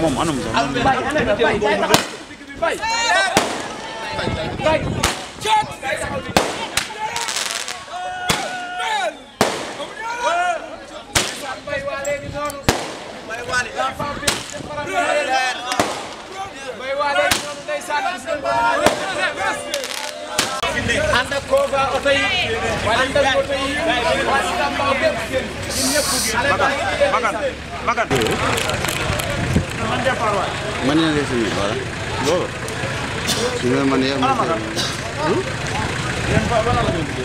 moom anam sax ànd ak kooba oto yi ànd ak oto yi waa Samba bépp ñun ñëpp. Makan Makan Makan. mana yang di sini pak? Bo, sini mana yang mana? Hmm? Yang pak lagi? Thank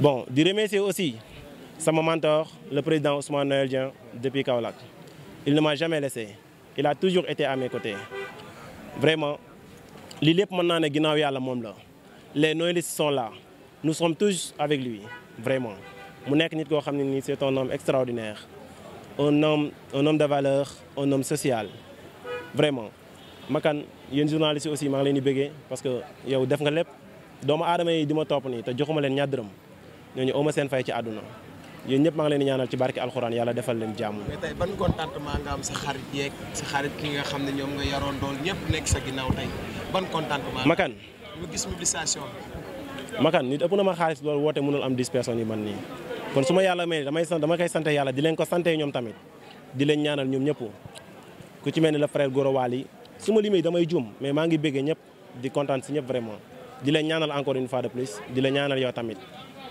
Bon, je remercier aussi mon mentor, le président Ousmane Noël Dien, depuis Kaolak. Il ne m'a jamais laissé. Il a toujours été à mes côtés. Vraiment, l'ILIP maintenant est Guinawi à la Les Noëlistes sont là. Nous sommes tous avec lui, vraiment. C'est un homme extraordinaire, un homme, un homme de valeur, un homme social, vraiment. Je suis un journaliste aussi, parce que vous avez fait tout. top ni, je ñooñu oma seen fay ci aduna yeen ñep ma ngi leen ñaanal ci barki alcorane yalla defal leen jamm mais tay ban contentement nga am sa xarit yeeg sa xarit ki nga xamne ñom nga yaroon dool ñep nek sa ginaaw tay ban contentement. Makan ñu gis mobilisation Makan nit ëpp na ma xaalis loolu wote mënul am 10 personnes yi man ni kon suma yalla may damay sant dama kay santé yalla di leen ko santé ñom tamit di leen ñaanal ñom ñep ku ci melni ni la frère Goro Wali suma limay damay joom mais ma ngi bëgg ñep di contente ci ñep vraiment di leen ñaanal encore une fois de plus di leen ñaanal yow tamit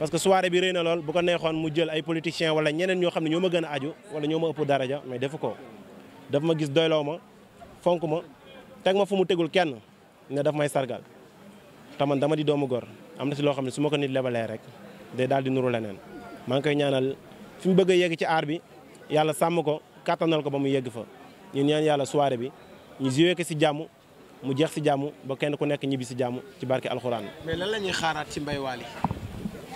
parce que soirée bi reyna lol bu ko neexoon mu jël ay politiciens wala ñeneen ño xamni ñoma gëna aju wala ñoma ëpp dara ja mais defuko daf ma gis doyloo ma fonk ma teg ma fu mu teggul kenn ne daf may sargal te man dama di doomu gor am na si loo xam ne ko nit lebalé rek day dal di nuru leneen ma ngi koy ñaanal fi mu bëgg yegg ci art bi yàlla sam ko katanal ko ba mu yegg fa ñu ñaan yàlla soirée bi ñu jiwé ko ci jamu mu jeex ci jamu ba kenn ku nekk ñibi ci jamu ci barke alcorane mais lan lañuy ñuy ci mbay wali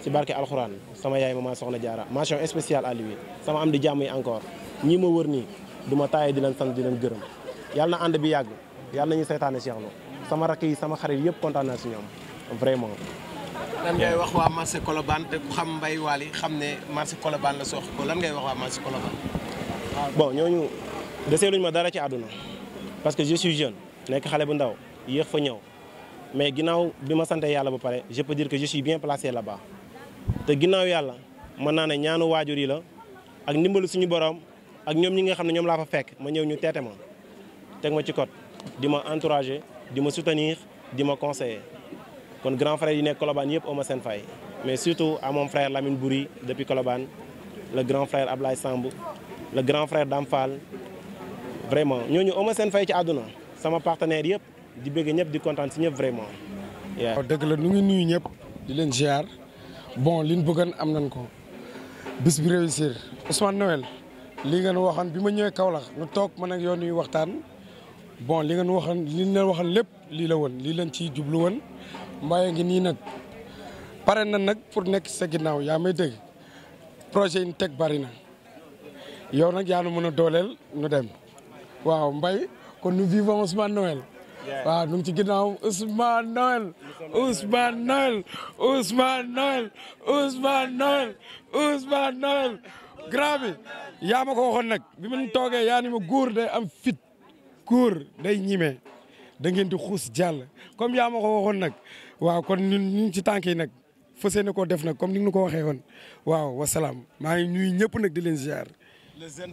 ci barke alxuraan sama yaay ma maa soxna jaara mention spéciale à lui sama am di jàmm yi encore ñi ma wër nii du ma taaye di leen sant di leen gërëm yàlla na ànd bi yàgg yàlla nañu seytaane Cheikh Lo sama rakk yi sama xarit yëpp kontaan si ñoom vraiment. lan ngay wax waa marché Colobane te ku xam Mbaye Waly xam ne marché Colobane la sooxe ko lan ngay wax waa marché Colobane. bon ñooñu desee luñ ma dara ci àdduna parce que je suis jeune nekk xale bu ndaw yéex fa ñëw mais ginnaaw bi ma sante yàlla ba pare je peux dire te ginnaw yalla mën naa ñaanu wajuri la ak nimbalu suñu borom ak ñom ñi nga xamne ñom la fa fekk ma ñew ñu tété ma tek ma ci cote dima ma encourager di soutenir dima conseiller kon grand frère yi nekk Colobane yëpp oma seen fay mais surtout à mon frère Lamine Boury depuis Colobane le grand frère Ablaye Samb le grand frère Dame Fall vraiment ñooñu oma seen fay ci aduna sama partenaire yëpp di bëgg ñëpp di kontaan si ñëpp vraiment. waaw deug la ñu ngi nuyu ñëpp di leen ziar. bon liñ bëggoon am nañ ko bis bi réussir Ousmane Noël lii ngeen waxan bi ma ñëwee Kaolack nu toog ma nag yoon yu waxtaan bon li ngeen waxoon li leen waxoon lépp lii la woon lii leen ciy jublu woon mbaaye ngi nii nag pare na nag pour nekk sa ginnaaw yaa may dégg projet yi ñu teg bari na yow nag yaa nu mën a dooleel nu dem waaw mbay kon nous vivons Ousmane Noël waaw ñu ngi ci ginnaaw Ousmane Noël Ousmane Noël Ousmane Noël Ousmane Noël Ousmane Noël grand yaa ma ko waxoon nag bi ma toogee yaa ni ma góor day am fit góor day ñime da ngeen di xuus jàll comme yaa ma ko waxoon nag waaw kon ñun ñu ci tànk yi nag fas yéene koo def nag comme ni nga ko waxee woon waaw wasalaam maa ngi nuyu ñëpp nag di leen ziar. le jeune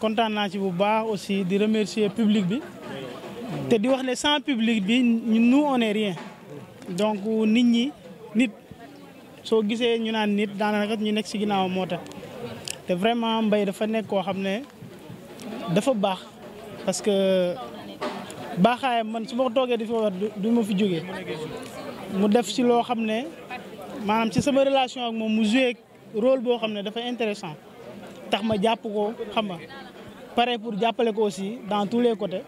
content na ci bu baax aussi di remercier public bi te di wax né sans public bi nous on est rien donc nit ñi nit so gisé ñu naan nit daanaka ñu nek ci ginaaw moo tax te vraiment mbay dafa nek ko xamné dafa baax parce que baaxaayam man suma togué di fi war du ma fi joggé mu def ci lo xamné manam ci sama relation ak mom mu jouer rôle bo xamné dafa intéressant tax ma japp ko xam nga pareil pour jàppale aussi dans tous les côtés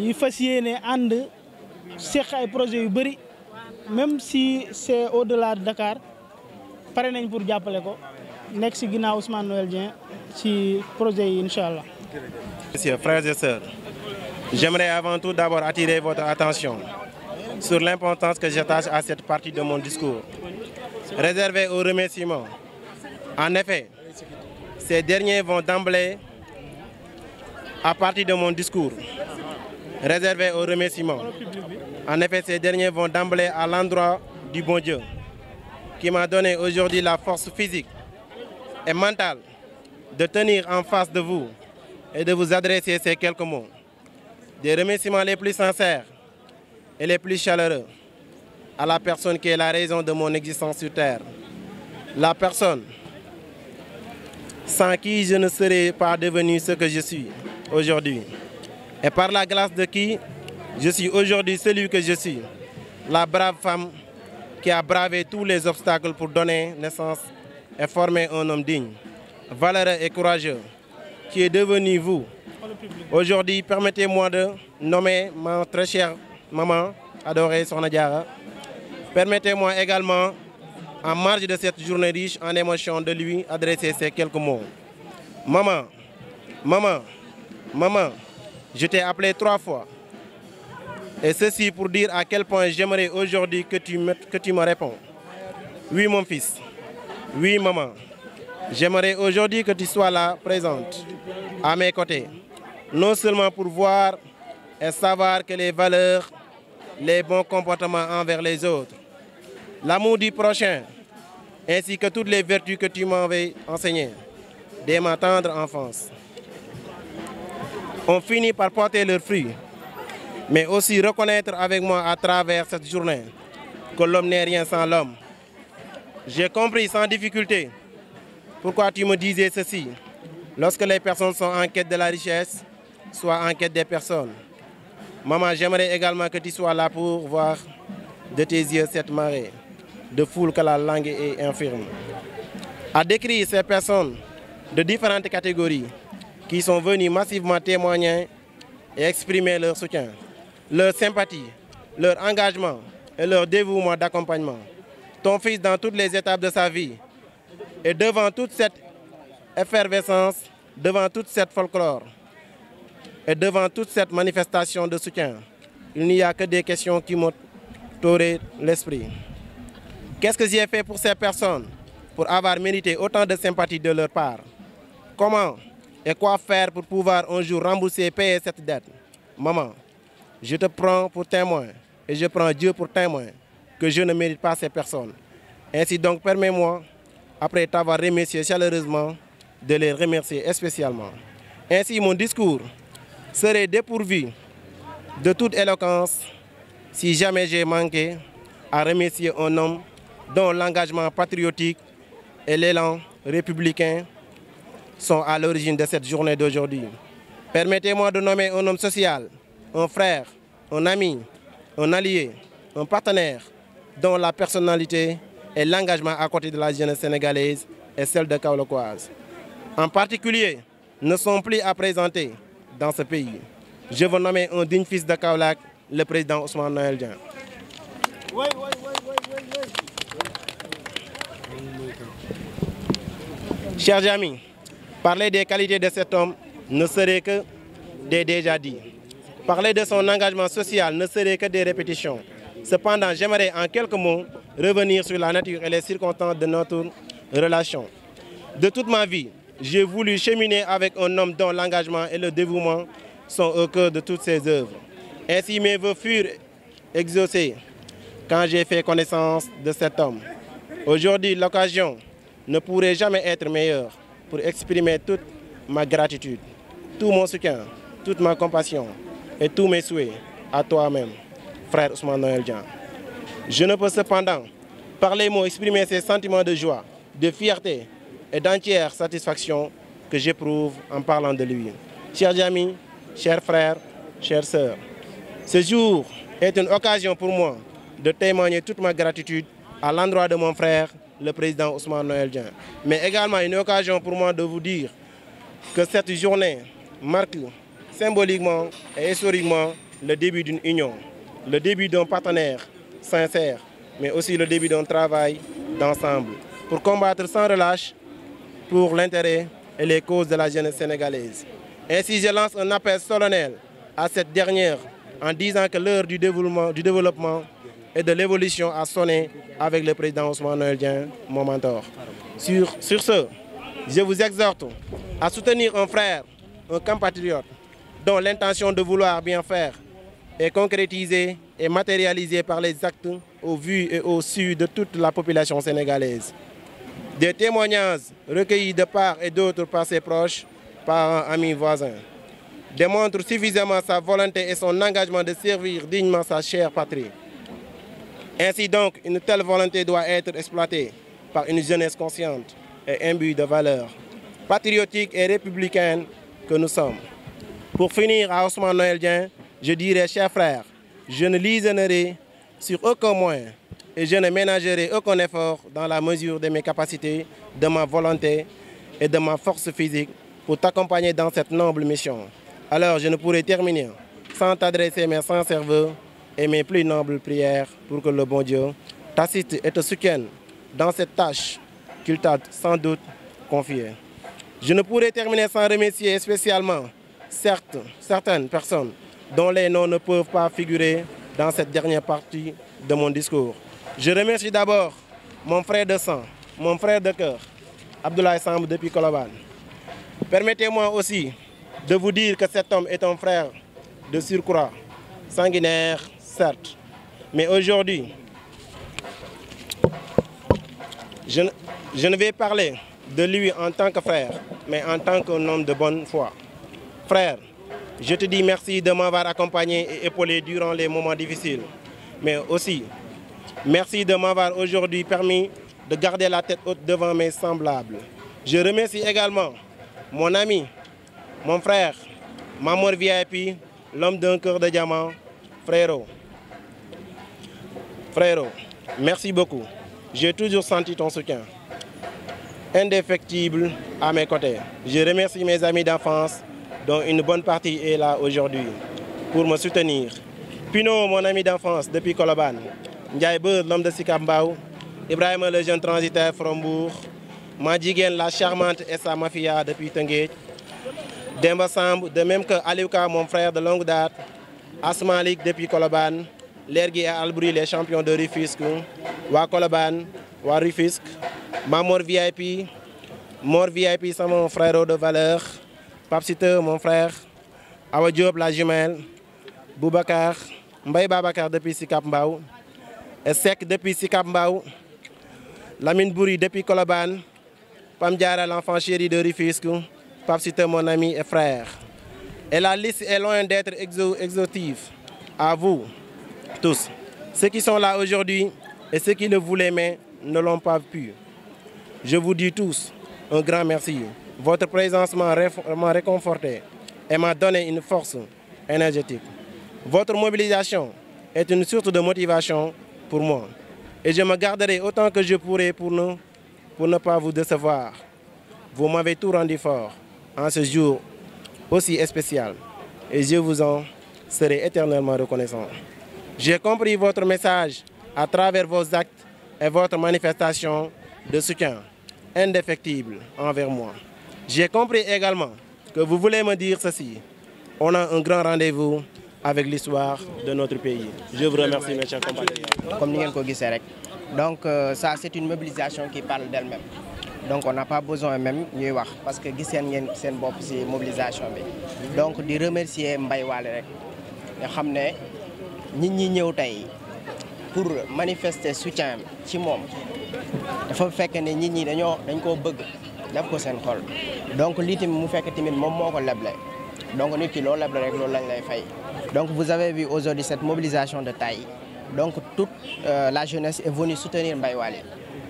Il faut s'y ànd ay projet même si c'est au-delà de Dakar Pareil pour jàppale Next, nekk Ousmane Noël Dieng projet Inch'Allah. Messieurs, frères et sœurs, j'aimerais avant tout d'abord attirer votre attention sur l'importance que j'attache à cette partie de mon discours, réservée aux remerciements. En effet, ces derniers vont d'emblée à partir de mon discours réservé aux remerciements. En effet, ces derniers vont d'emblée à l'endroit du bon Dieu qui m'a donné aujourd'hui la force physique et mentale de tenir en face de vous et de vous adresser ces quelques mots. Des remerciements les plus sincères et les plus chaleureux à la personne qui est la raison de mon existence sur Terre. La personne sans qui je ne serais pas devenu ce que je suis aujourd'hui. Et par la grâce de qui je suis aujourd'hui celui que je suis, la brave femme qui a bravé tous les obstacles pour donner naissance et former un homme digne, valeureux et courageux, qui est devenu vous. Aujourd'hui, permettez-moi de nommer ma très chère maman adorée son Permettez-moi également, en marge de cette journée riche en émotion de lui adresser ces quelques mots. Maman, maman, Maman, je t'ai appelé trois fois. Et ceci pour dire à quel point j'aimerais aujourd'hui que tu, me, que tu me réponds. Oui, mon fils. Oui, maman. J'aimerais aujourd'hui que tu sois là, présente, à mes côtés. Non seulement pour voir et savoir que les valeurs, les bons comportements envers les autres, l'amour du prochain, ainsi que toutes les vertus que tu m'as enseignées dès ma tendre enfance ont fini par porter leurs fruits, mais aussi reconnaître avec moi à travers cette journée que l'homme n'est rien sans l'homme. J'ai compris sans difficulté pourquoi tu me disais ceci. Lorsque les personnes sont en quête de la richesse, soit en quête des personnes. Maman, j'aimerais également que tu sois là pour voir de tes yeux cette marée de foule que la langue est infirme. À décrire ces personnes de différentes catégories qui sont venus massivement témoigner et exprimer leur soutien, leur sympathie, leur engagement et leur dévouement d'accompagnement. Ton fils, dans toutes les étapes de sa vie, et devant toute cette effervescence, devant toute cette folklore, et devant toute cette manifestation de soutien, il n'y a que des questions qui m'ont touré l'esprit. Qu'est-ce que j'ai fait pour ces personnes pour avoir mérité autant de sympathie de leur part Comment et quoi faire pour pouvoir un jour rembourser et payer cette dette Maman, je te prends pour témoin et je prends Dieu pour témoin que je ne mérite pas ces personnes. Ainsi donc, permets-moi, après t'avoir remercié chaleureusement, de les remercier spécialement. Ainsi, mon discours serait dépourvu de toute éloquence si jamais j'ai manqué à remercier un homme dont l'engagement patriotique et l'élan républicain sont à l'origine de cette journée d'aujourd'hui. Permettez-moi de nommer un homme social, un frère, un ami, un allié, un partenaire dont la personnalité et l'engagement à côté de la jeunesse sénégalaise et celle de Kaolokoise. En particulier, ne sont plus à présenter dans ce pays. Je veux nommer un digne fils de Kaolak, le président Ousmane Noël Dian. Chers amis, Parler des qualités de cet homme ne serait que des déjà dits. Parler de son engagement social ne serait que des répétitions. Cependant, j'aimerais en quelques mots revenir sur la nature et les circonstances de notre relation. De toute ma vie, j'ai voulu cheminer avec un homme dont l'engagement et le dévouement sont au cœur de toutes ses œuvres. Ainsi, mes voeux furent exaucés quand j'ai fait connaissance de cet homme. Aujourd'hui, l'occasion ne pourrait jamais être meilleure pour exprimer toute ma gratitude, tout mon soutien, toute ma compassion et tous mes souhaits à toi-même, frère Ousmane Noël Jean. Je ne peux cependant par les mots exprimer ces sentiments de joie, de fierté et d'entière satisfaction que j'éprouve en parlant de lui. Chers amis, chers frères, chères sœurs, ce jour est une occasion pour moi de témoigner toute ma gratitude à l'endroit de mon frère le président Ousmane Noël jean Mais également une occasion pour moi de vous dire que cette journée marque symboliquement et historiquement le début d'une union, le début d'un partenaire sincère, mais aussi le début d'un travail d'ensemble pour combattre sans relâche pour l'intérêt et les causes de la jeunesse sénégalaise. Ainsi, je lance un appel solennel à cette dernière en disant que l'heure du développement, du développement et de l'évolution à sonné avec le président Ousmane Noël mon mentor. Sur, sur ce, je vous exhorte à soutenir un frère, un compatriote, dont l'intention de vouloir bien faire est concrétisée et matérialisée par les actes au vu et au su de toute la population sénégalaise. Des témoignages recueillis de part et d'autre par ses proches, parents, amis, voisins, démontrent suffisamment sa volonté et son engagement de servir dignement sa chère patrie. Ainsi donc, une telle volonté doit être exploitée par une jeunesse consciente et imbue de valeurs patriotiques et républicaines que nous sommes. Pour finir, à Osman Noël je dirais, chers frères, je ne lisonnerai sur aucun moyen et je ne ménagerai aucun effort dans la mesure de mes capacités, de ma volonté et de ma force physique pour t'accompagner dans cette noble mission. Alors je ne pourrai terminer sans t'adresser mes sincères cerveaux et mes plus nobles prières pour que le bon Dieu t'assiste et te soutienne dans cette tâche qu'il t'a sans doute confiée. Je ne pourrai terminer sans remercier spécialement certaines personnes dont les noms ne peuvent pas figurer dans cette dernière partie de mon discours. Je remercie d'abord mon frère de sang, mon frère de cœur, Abdoulaye Samb depuis Picolaban. Permettez-moi aussi de vous dire que cet homme est un frère de surcroît sanguinaire, certes. Mais aujourd'hui, je, ne vais parler de lui en tant que frère, mais en tant qu'un homme de bonne foi. Frère, je te dis merci de m'avoir accompagné et épaulé durant les moments difficiles, mais aussi merci de m'avoir aujourd'hui permis de garder la tête haute devant mes semblables. Je remercie également mon ami, mon frère, Mamour VIP, l'homme d'un cœur de diamant, frérot. Frère, merci beaucoup. J'ai toujours senti ton soutien indéfectible à mes côtés. Je remercie mes amis d'enfance, dont une bonne partie est là aujourd'hui, pour me soutenir. Pino, mon ami d'enfance depuis Koloban, Ndiaye l'homme de Sikambao, Ibrahim, le jeune transitaire Frombourg, Madjigen, la charmante et sa mafia depuis Tengue, Demba de même que Aliouka, mon frère de longue date, Asmalik depuis Koloban, l'ergi et Albury les champions de Rufisque Wa Colobane Wa Rufisque Mamor VIP Mor VIP c'est mon frère de valeur Pape mon frère Awa Diop la jumelle Boubacar Mbaye Babacar depuis Sikap Mbaou. depuis Sikap Lamine Bouri depuis Koloban, Pamdiara, l'enfant chéri de Rufisque Pape mon ami et frère et la liste est loin d'être exhaustive à vous tous. Ceux qui sont là aujourd'hui et ceux qui le voulaient mais ne l'ont pas pu. Je vous dis tous un grand merci. Votre présence m'a réconforté et m'a donné une force énergétique. Votre mobilisation est une source de motivation pour moi. Et je me garderai autant que je pourrai pour nous, pour ne pas vous décevoir. Vous m'avez tout rendu fort en ce jour aussi spécial. Et je vous en serai éternellement reconnaissant. J'ai compris votre message à travers vos actes et votre manifestation de soutien indéfectible envers moi. J'ai compris également que vous voulez me dire ceci. On a un grand rendez-vous avec l'histoire de notre pays. Je vous remercie, mes chers compagnons. Comme donc euh, ça c'est une mobilisation qui parle d'elle-même. donc on n'a pas besoin même voir, parce que c'est une mobilisation donc de remercier Mbaye Walerek nit pour manifester soutien ci moom dafa fekk que nit ñi dañoo dañ koo bëgg def ko seen xol donc Nous tamit mu fekk ce moom moo que nous donc Nous ki fait. rek donc vous avez vu aujourd'hui cette mobilisation de taille donc toute euh, la jeunesse est venue soutenir Mbaye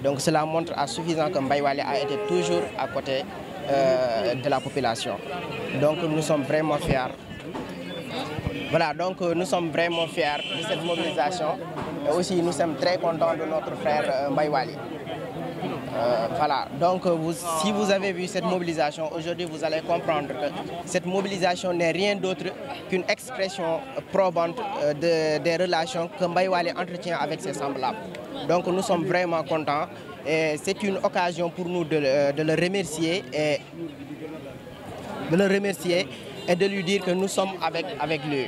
donc cela montre à suffisant que Mbaye a été toujours à côté euh, de la population donc nous sommes vraiment fiers. Voilà, donc euh, nous sommes vraiment fiers de cette mobilisation et aussi nous sommes très contents de notre frère euh, Mbaywali. Euh, voilà, donc si vous avez vu cette mobilisation, aujourd'hui vous allez comprendre que cette mobilisation n'est rien d'autre qu'une expression probante des relations que Mbaywali entretient avec ses semblables. Donc nous sommes vraiment contents et c'est une occasion pour nous de le remercier et de le remercier et de lui dire que nous sommes avec, avec lui.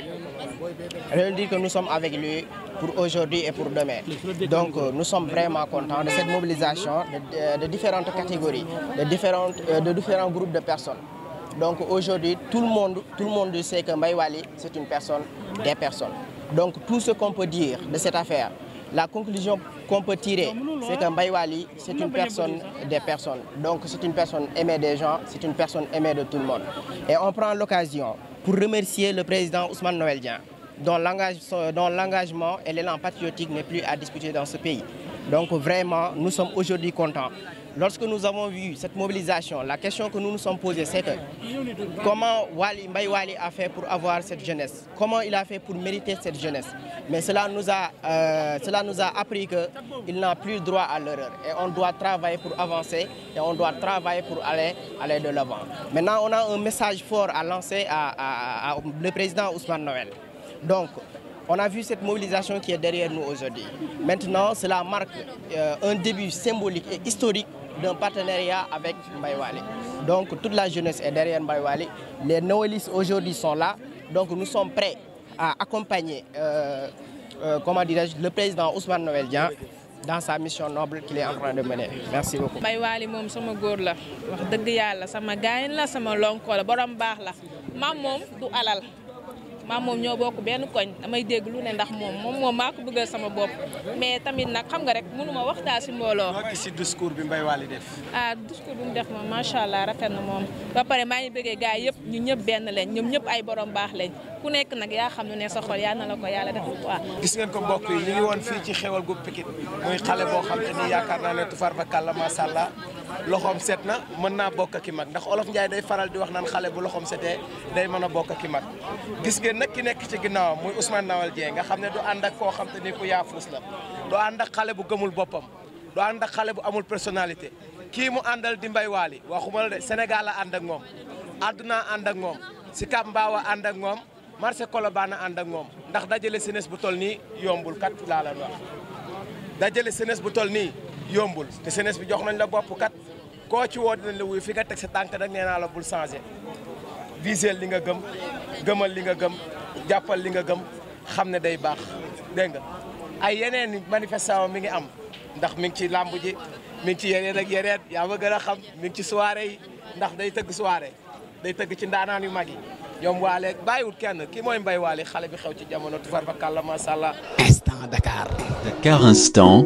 De lui dire que nous sommes avec lui pour aujourd'hui et pour demain. Donc euh, nous sommes vraiment contents de cette mobilisation de, euh, différentes catégories, de, différentes, euh, de différents groupes de personnes. Donc aujourd'hui, tout le monde, tout le monde sait que Maïwali, c'est une personne, des personnes. Donc tout ce qu'on peut dire de cette affaire, la conclusion qu'on peut tirer, c'est qu'un Bayouali, c'est une personne des personnes. Donc c'est une personne aimée des gens, c'est une personne aimée de tout le monde. Et on prend l'occasion pour remercier le président Ousmane Noël Dien, dont l'engagement et l'élan patriotique n'est plus à discuter dans ce pays. Donc vraiment, nous sommes aujourd'hui contents Lorsque nous avons vu cette mobilisation, la question que nous nous sommes posées, c'est comment Wali, Mbaye Wali a fait pour avoir cette jeunesse Comment il a fait pour mériter cette jeunesse Mais cela nous a, euh, cela nous a appris qu'il n'a plus droit à l'erreur. Et on doit travailler pour avancer et on doit travailler pour aller, aller de l'avant. Maintenant, on a un message fort à lancer à, le président Ousmane Noël. Donc, on a vu cette mobilisation qui est derrière nous aujourd'hui. Maintenant, cela marque euh, un début symbolique et historique d'un partenariat avec Bayouali. Donc toute la jeunesse est derrière Bayouali. Les Noëlistes aujourd'hui sont là. Donc nous sommes prêts à accompagner euh, euh, comment le président Ousmane Noël Dian dans sa mission noble qu'il est en train de mener. Merci beaucoup. Mbaïwali moom sama góor la wax dëgg yàlla sama Je la sama lonko la borom baax la maam moom du alal. maam moom ñoo bokk benn koñ damay dégg lu ne ndax moom moom moom maa ko bëggal sama bopp mais tamit nag xam nga rek mënu ma waxtaan si mbooloo. moo gis si discours bi Mbaye Waly def. ah discours bi mu def ma macha allah rafet na moom ba pare maa ngi bëggee gars yëpp ñu ñëpp benn leen ñoom ñëpp ay borom baax lañ ku nekk nag yaa xam ne sa xol yaa na la ko yàlla def waaw. gis ngeen ko mbokk yi ñu ngi woon fii ci xewal gu Pikine muy xale boo xam ne yaakaar naa ne tufaar ba kàlla macha allah loxoom set na mën naa bokk ak i mag ndax olof Ndiaye day faral di wax naan xale bu loxoom setee day mën a bokk ki i mag gis ngeen nag ki nekk ci ginnaawam muy Ousmane Nawal Dieng nga xam ne du ànd ak koo xam te ni ku yaafuus na du ànd ak xale bu gëmul boppam du ànd ak xale bu amul personnalité kii mu àndal di mbay waali waxuma la de Sénégal la ànd ak moom àdduna ànd ak moom si Kap Mbaawa ànd ak moom marché Colobane ànd ak moom ndax dajale jeunesse bu toll nii yombul kat laa bu toll nii yombul te jeunesse bi jox nañ la bopp kat koo ci woo dinañ la wuyu fi nga teg sa tànk nag nee naa la bul changé viseel li nga gëm gëmal li nga gëm jàppal li nga gëm xam ne day baax dégg nga ay yeneen manifestation mi ngi am ndax mi ngi ci làmb ji mi ngi ci yeneen ak yeneen yaa ma gën a xam mi ngi ci soirée ndax day tëgg suwaare day tëgg ci ndaanaan yu mag yi ñoom waale bàyyiwut kenn ki mooy mbay waale xale bi xew ci jamono tufarfakàlla masàllaa instant Dakar Dakar instant